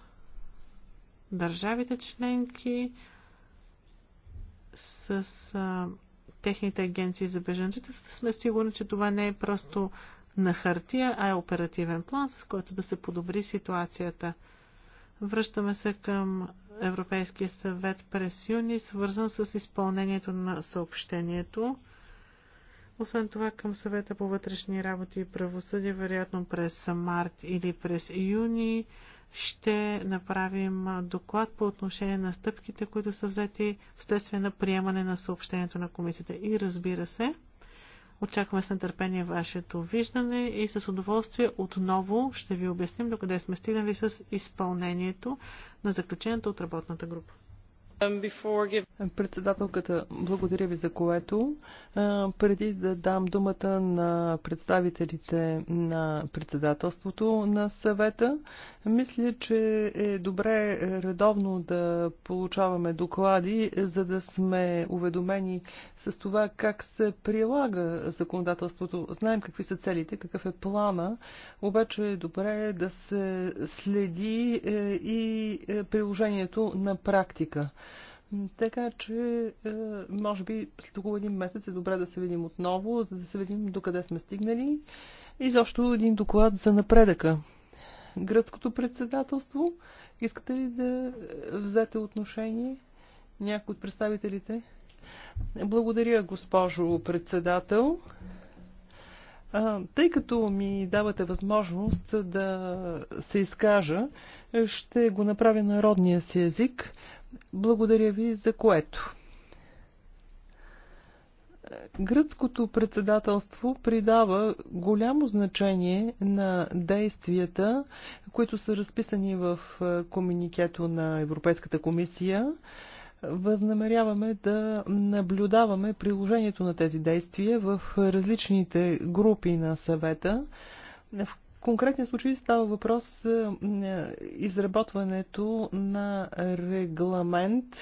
държавите членки, с а, техните агенции за беженците, за да сме сигурни, че това не е просто на хартия, а е оперативен план, с който да се подобри ситуацията. Връщаме се към Европейския съвет през юни, свързан с изпълнението на съобщението. Освен това, към съвета по вътрешни работи и правосъдие, вероятно през март или през юни, ще направим доклад по отношение на стъпките, които са взети вследствие на приемане на съобщението на комисията. И разбира се, Очакваме с нетърпение вашето виждане и с удоволствие отново ще ви обясним докъде сме стигнали с изпълнението на заключението от работната група. Um, Председателката, благодаря ви за което. Преди да дам думата на представителите на председателството на съвета, мисля, че е добре редовно да получаваме доклади, за да сме уведомени с това как се прилага законодателството. Знаем какви са целите, какъв е плана, обаче е добре да се следи е, и е, приложението на практика. Така че, е, може би, след около един месец е добре да се видим отново, за да се видим докъде сме стигнали. И защо един доклад за напредъка. Гръцкото председателство, искате ли да е, взете отношение някои от представителите? Благодаря, госпожо председател. Тъй като ми давате възможност да се изкажа, ще го направя народния си език. Благодаря ви за което. Гръцкото председателство придава голямо значение на действията, които са разписани в е, комуникето на Европейската комисия. Възнамеряваме да наблюдаваме приложението на тези действия в различните групи на съвета, в конкретния случай става въпрос за изработването на регламент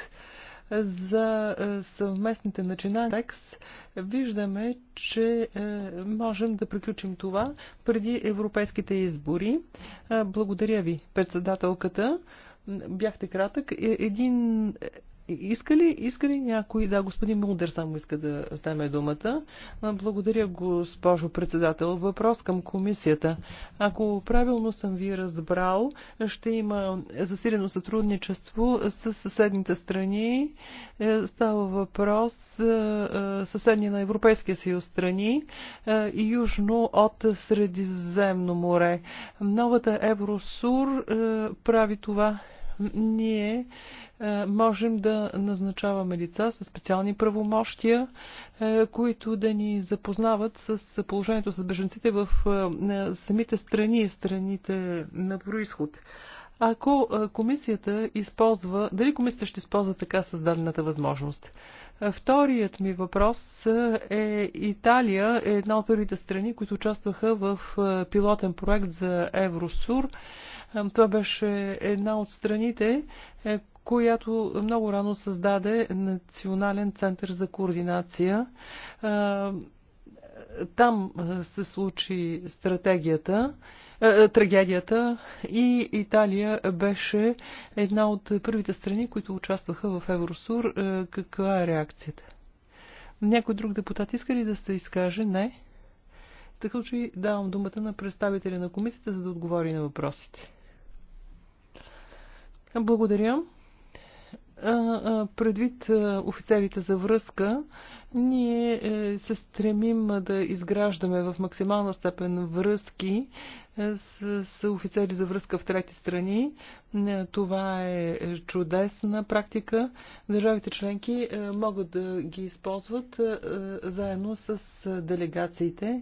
за е, съвместните начинания текст, виждаме, че е, можем да приключим това преди европейските избори. Е, благодаря ви, председателката. Бяхте кратък. Един иска ли, иска ли някой? Да, господин Мулдер само иска да вземе думата. Благодаря, госпожо председател. Въпрос към комисията. Ако правилно съм ви разбрал, ще има засилено сътрудничество с съседните страни. Е, става въпрос е, е, съседни на Европейския съюз страни, и южно от Средиземно море. Новата Евросур прави това ние е, можем да назначаваме лица с специални правомощия, е, които да ни запознават с положението с беженците в е, самите страни страните на происход ако комисията използва, дали комисията ще използва така създадената възможност. Вторият ми въпрос е Италия е една от първите страни, които участваха в пилотен проект за Евросур. Това беше една от страните, е, която много рано създаде Национален център за координация. Там се случи стратегията, трагедията и Италия беше една от първите страни, които участваха в Евросур. Каква е реакцията? Някой друг депутат иска ли да се изкаже? Не. Така че давам думата на представителя на комисията, за да отговори на въпросите. Благодаря. Предвид офицерите за връзка, ние е, се стремим да изграждаме в максимална степен връзки е, с, офицери за връзка в трети страни. Е, това е чудесна практика. Държавите членки могат да ги използват заедно с делегациите.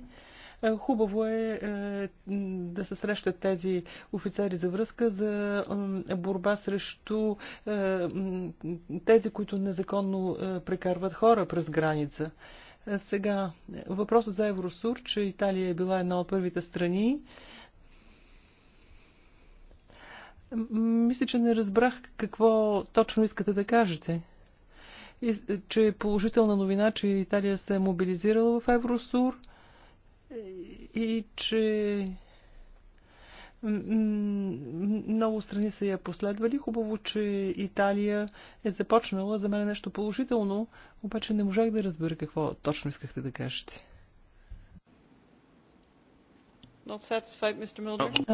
Хубаво е, е да се срещат тези офицери за връзка за борба срещу е, тези, които незаконно е, прекарват хора през граница. Сега, въпросът за Евросур, че Италия е била една от първите страни. Мисля, че не разбрах какво точно искате да кажете. И, че е положителна новина, че Италия се е мобилизирала в Евросур – и че много страни са я последвали. Хубаво, че Италия е започнала. За мен е нещо положително, обаче не можах да разбера какво точно искахте да кажете.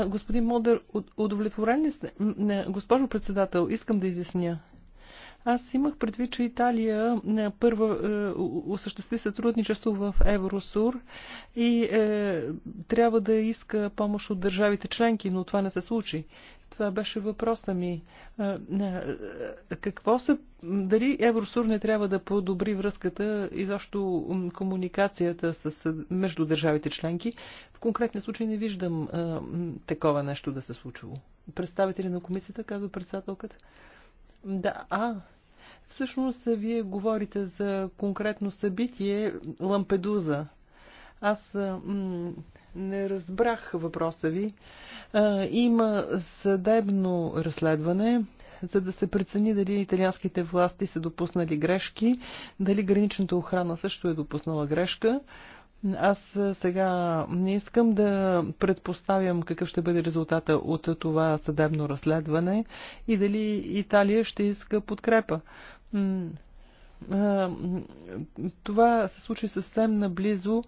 Господин Модер, удовлетворен ли сте? Не, госпожо председател, искам да изясня. Аз имах предвид, че Италия е, първа е, осъществи сътрудничество в Евросур и е, трябва да иска помощ от държавите членки, но това не се случи. Това беше въпроса ми. Е, какво се... Дали Евросур не трябва да подобри връзката и защо комуникацията с, между държавите членки? В конкретния случай не виждам а, такова нещо да се случило. Представители на комисията, казва председателката. Да, а, Всъщност, вие говорите за конкретно събитие Лампедуза. Аз не разбрах въпроса ви. Има съдебно разследване, за да се прецени дали италианските власти са допуснали грешки, дали граничната охрана също е допуснала грешка. Аз сега не искам да предпоставям какъв ще бъде резултата от това съдебно разследване и дали Италия ще иска подкрепа. Това се случи съвсем наблизо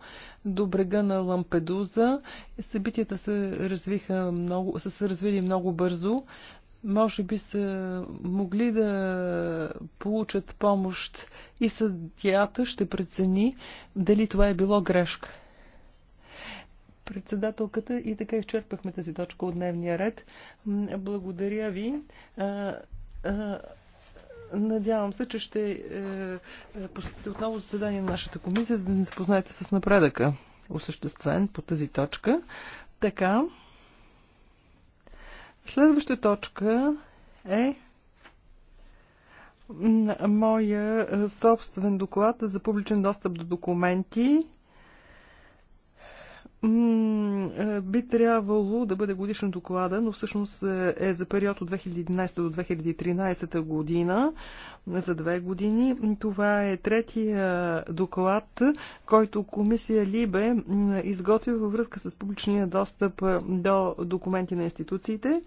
до брега на Лампедуза. Събитията се, развиха много, са се развили много бързо. Може би са могли да получат помощ и съдията ще прецени дали това е било грешка. Председателката и така изчерпахме тази точка от дневния ред. Благодаря ви. Надявам се, че ще е, е, посетите отново заседание на нашата комисия, да ни запознаете с напредъка, осъществен по тази точка. Така, следваща точка е моя е, собствен доклад за публичен достъп до документи е, би трябвало да бъде годишно доклада, но всъщност е, е за период от 2011 до 2013 година, за две години. Това е третия доклад, който комисия Либе е, изготви във връзка с публичния достъп до документи на институциите.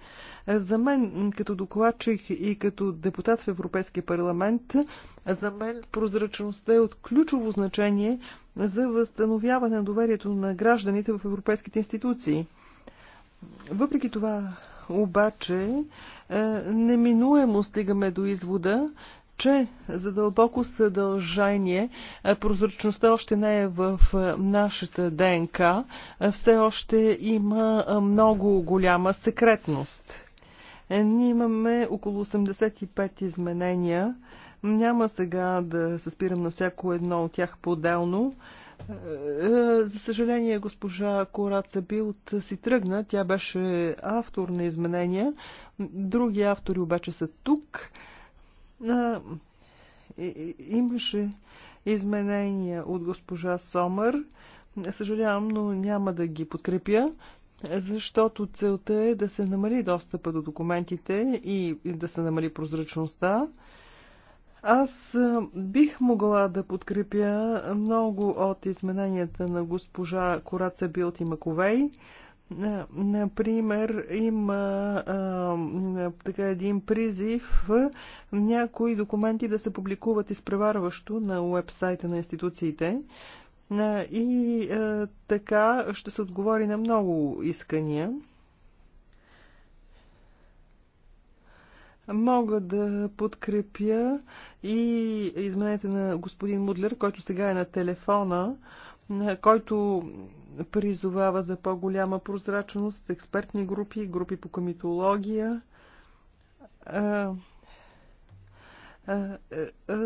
За мен, като докладчик и като депутат в Европейския парламент, за мен прозрачността е от ключово значение за възстановяване на доверието на гражданите в европейските институции. Въпреки това, обаче, е, неминуемо стигаме до извода, че за дълбоко съдължение е, прозрачността още не е в е, нашата ДНК, все още има много голяма секретност. Ние имаме около 85 изменения няма сега да се спирам на всяко едно от тях по-отделно. Е, е, за съжаление, госпожа Кораца Билт си тръгна. Тя беше автор на изменения. Други автори обаче са тук. Е, имаше изменения от госпожа Сомър. Съжалявам, но няма да ги подкрепя, защото целта е да се намали достъпа до документите и да се намали прозрачността. Аз бих могла да подкрепя много от измененията на госпожа Кораца Билт и Маковей. Например, има а, така един призив някои документи да се публикуват изпреварващо на уебсайта на институциите. И а, така ще се отговори на много искания. Мога да подкрепя и изменете на господин Мудлер, който сега е на телефона, който призовава за по-голяма прозрачност, експертни групи, групи по комитология. Е, е, е,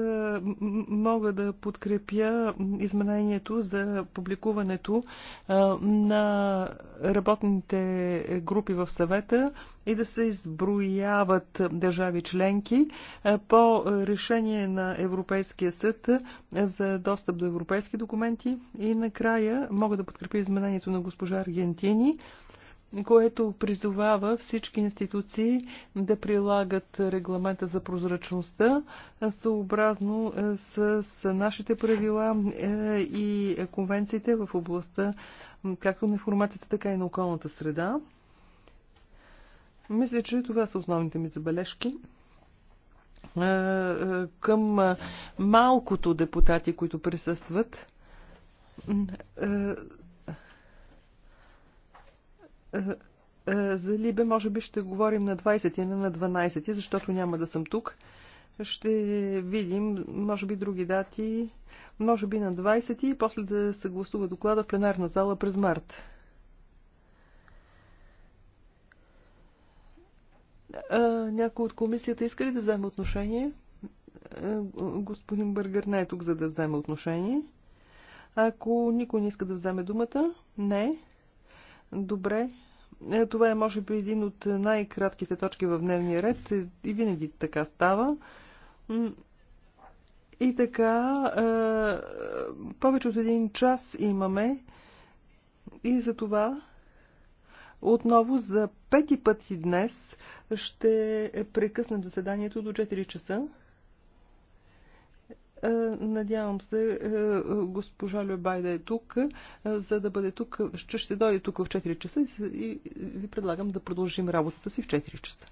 мога да подкрепя изменението за публикуването на работните групи в съвета и да се изброяват държави членки по решение на Европейския съд за достъп до европейски документи. И накрая мога да подкрепя изменението на госпожа Аргентини което призовава всички институции да прилагат регламента за прозрачността съобразно с нашите правила и конвенциите в областта както на информацията, така и на околната среда. Мисля, че това са основните ми забележки към малкото депутати, които присъстват. Е, е, за Либе може би ще говорим на 20 и не на 12, защото няма да съм тук. Ще видим, може би, други дати, може би на 20 и после да се гласува доклада в пленарна зала през март. Е, някой от комисията иска ли да вземе отношение? господин Бъргър не е тук, за да вземе отношение. Ако никой не иска да вземе думата, не. Добре, е, това е, може би, един от най-кратките точки в дневния ред е, и винаги така става. И така, е, повече от един час имаме и за това отново за пети пъти днес ще прекъснем заседанието до 4 часа. Е, надявам се е, госпожа Любай да е тук, е, за да бъде тук. Ще, ще дойде тук в 4 часа и ви предлагам да продължим работата си в 4 часа.